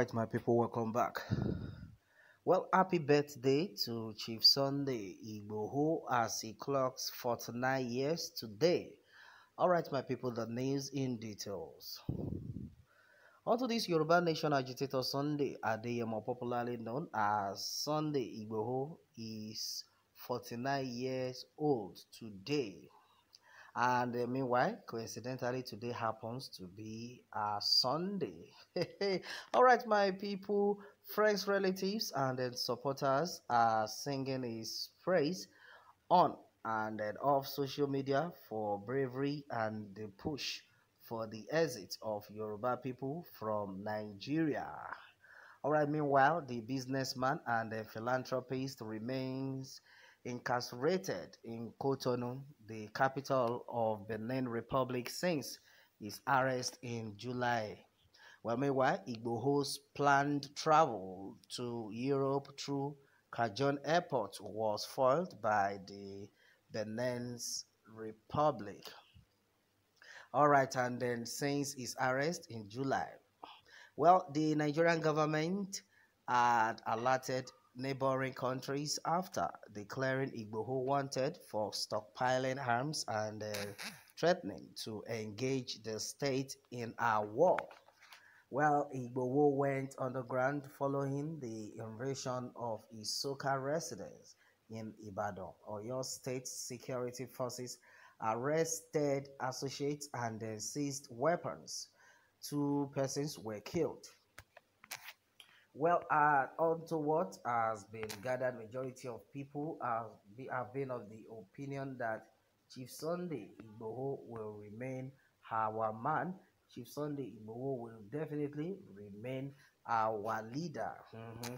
Alright, my people welcome back well happy birthday to chief sunday igboho as he clocks 49 years today all right my people the news in details onto this yoruba nation agitator sunday more popularly known as sunday igboho is 49 years old today and uh, meanwhile, coincidentally, today happens to be a uh, Sunday. All right, my people, friends, relatives, and then supporters are singing his praise on and then off social media for bravery and the push for the exit of Yoruba people from Nigeria. All right, meanwhile, the businessman and the philanthropist remains incarcerated in Cotonou, the capital of Benin Republic, since his arrest in July. Well, meanwhile, Igboho's planned travel to Europe through Kajon Airport was foiled by the Benin's Republic. All right, and then since his arrest in July, well, the Nigerian government had alerted neighboring countries after declaring Igboho wanted for stockpiling arms and uh, threatening to engage the state in a war. Well, Igboho went underground following the invasion of Isoka residents in Ibadan. Oyo State security forces arrested associates and then seized weapons. Two persons were killed. Well, uh, onto what has been gathered, majority of people have, be, have been of the opinion that Chief Sunday Igboho will remain our man. Chief Sunday Igboho will definitely remain our leader. Mm-hmm.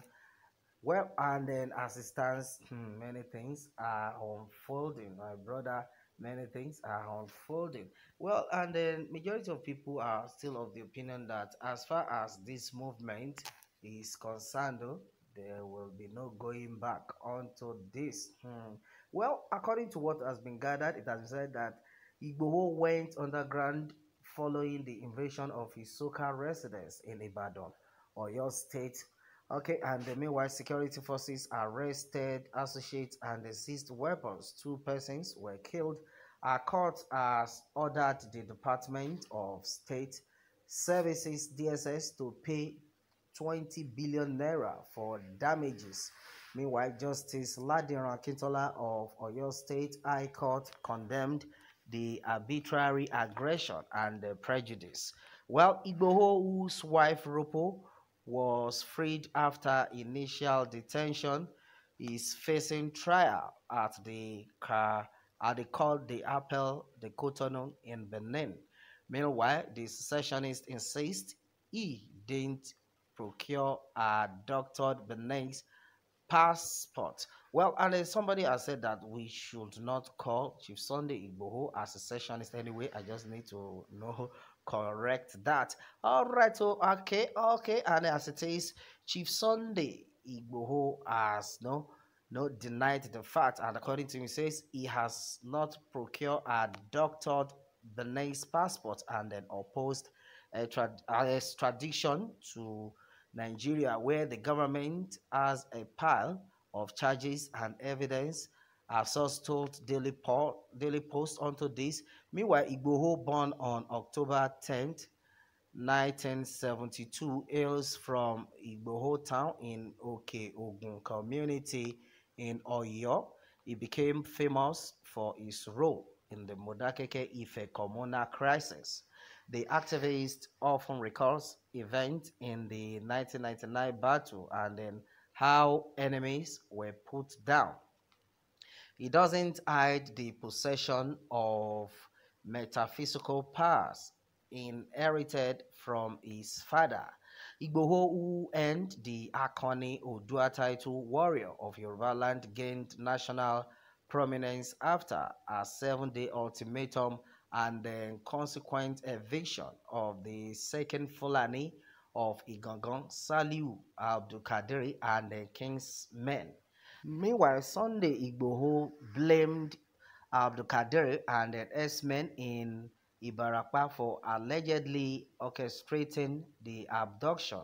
Well, and then as it stands, hmm, many things are unfolding, my brother. Many things are unfolding. Well, and then majority of people are still of the opinion that as far as this movement is concerned, there will be no going back onto this. Hmm. Well, according to what has been gathered, it has been said that Igboho went underground following the invasion of his Soka residence in Ibadan, or your State. Okay, and the meanwhile, security forces arrested associates and seized weapons. Two persons were killed. A court has ordered the Department of State Services DSS to pay 20 billion naira for damages. Meanwhile, Justice Ladiran Akintola of Oyo State High Court condemned the arbitrary aggression and prejudice. Well, Igboho, whose wife Ropo was freed after initial detention, is facing trial at the uh, at the court the Appel the Cotonou in Benin. Meanwhile, the secessionist insists he didn't procure a doctor Benin's passport. Well, and somebody has said that we should not call Chief Sunday Igboho a sessionist. anyway. I just need to know correct that. All right, so okay, okay, and as it is, Chief Sunday Igboho has no no denied the fact, and according to him, says he has not procured a doctored Benin's passport and then opposed uh, extradition to Nigeria, where the government has a pile of charges and evidence. Our source told Daily, po- Daily Post onto this. Meanwhile, Igboho, born on October 10th, 1972, hails from Igboho town in Oke Ogun community in Oyo. He became famous for his role in the Modakeke Ife communal crisis the activist often recalls events in the 1999 battle and then how enemies were put down. He doesn't hide the possession of metaphysical powers inherited from his father. Igboho, who earned the Akoni Odua title Warrior of Yoruba Land, gained national prominence after a seven-day ultimatum and the consequent eviction of the second Fulani of Igangan, Saliu Abdulkadiri, and the king's men. Meanwhile, Sunday Igboho blamed Abdulkadiri and the S-men in Ibarapa for allegedly orchestrating the abduction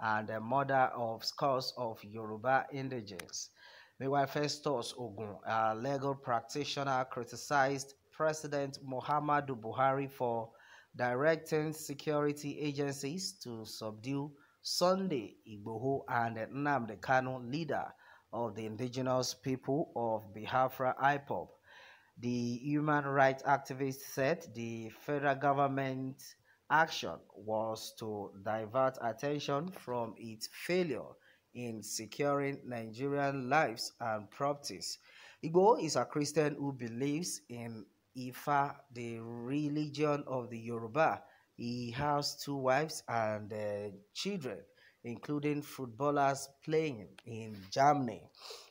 and the murder of scores of Yoruba indigents. Meanwhile, Festus Ogun, a legal practitioner, criticized President Muhammadu Buhari for directing security agencies to subdue Sunday Igboho and Nnamdi Kanu, leader of the indigenous people of Biafra IPOP. The human rights activist said the federal government action was to divert attention from its failure in securing Nigerian lives and properties. Igbo is a Christian who believes in Ifa, the religion of the Yoruba. He has two wives and uh, children, including footballers playing in Germany.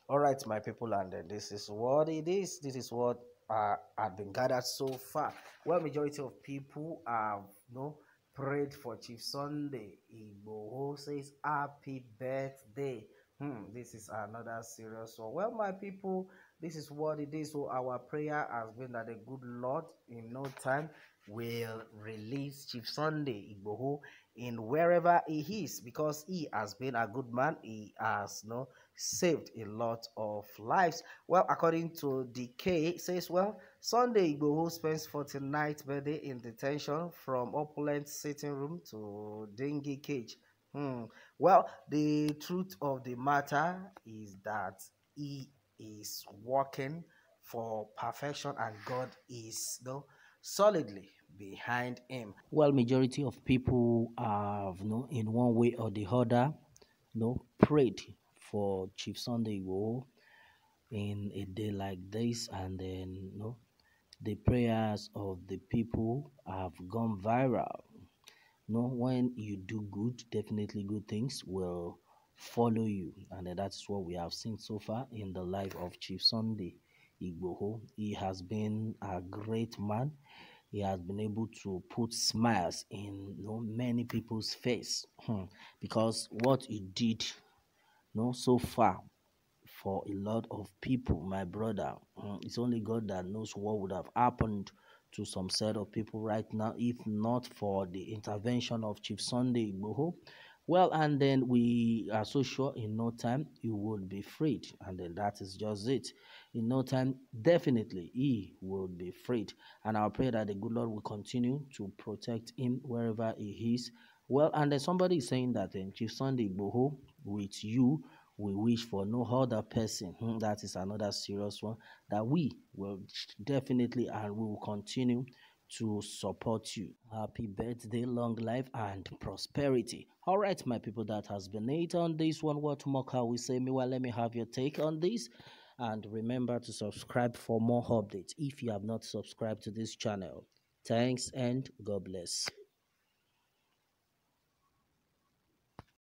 All right, my people, and uh, this is what it is. This is what uh, have been gathered so far. Well, majority of people have you know, prayed for Chief Sunday. Igboho says, Happy birthday. Hmm, this is another serious one. Well, my people, this is what it is. So our prayer has been that the good Lord in no time will release Chief Sunday Igboho in wherever he is because he has been a good man. He has you no know, saved a lot of lives. Well, according to DK, it says, well, Sunday Igboho spends 49th birthday in detention from opulent sitting room to dengue cage. Hmm. Well, the truth of the matter is that he is working for perfection and God is you know, solidly behind him. Well, majority of people have, you know, in one way or the other, you know, prayed for Chief Sunday War in a day like this, and then you know, the prayers of the people have gone viral. You know, when you do good, definitely good things will follow you. And that's what we have seen so far in the life of Chief Sunday Igboho. He has been a great man. He has been able to put smiles in you know, many people's face hmm, because what he did you know, so far for a lot of people, my brother, hmm, it's only God that knows what would have happened to some set of people right now if not for the intervention of Chief Sunday Igboho. Well, and then we are so sure in no time you would be freed. And then that is just it. In no time, definitely he will be freed. And I pray that the good Lord will continue to protect him wherever he is. Well, and then somebody is saying that in eh, Chief Sunday Boho, with you, we wish for no other person. Hmm, that is another serious one that we will definitely and we will continue to support you. Happy birthday, long life, and prosperity. All right, my people, that has been it on this one. What Moka we say, me let me have your take on this. And remember to subscribe for more updates if you have not subscribed to this channel. Thanks and God bless.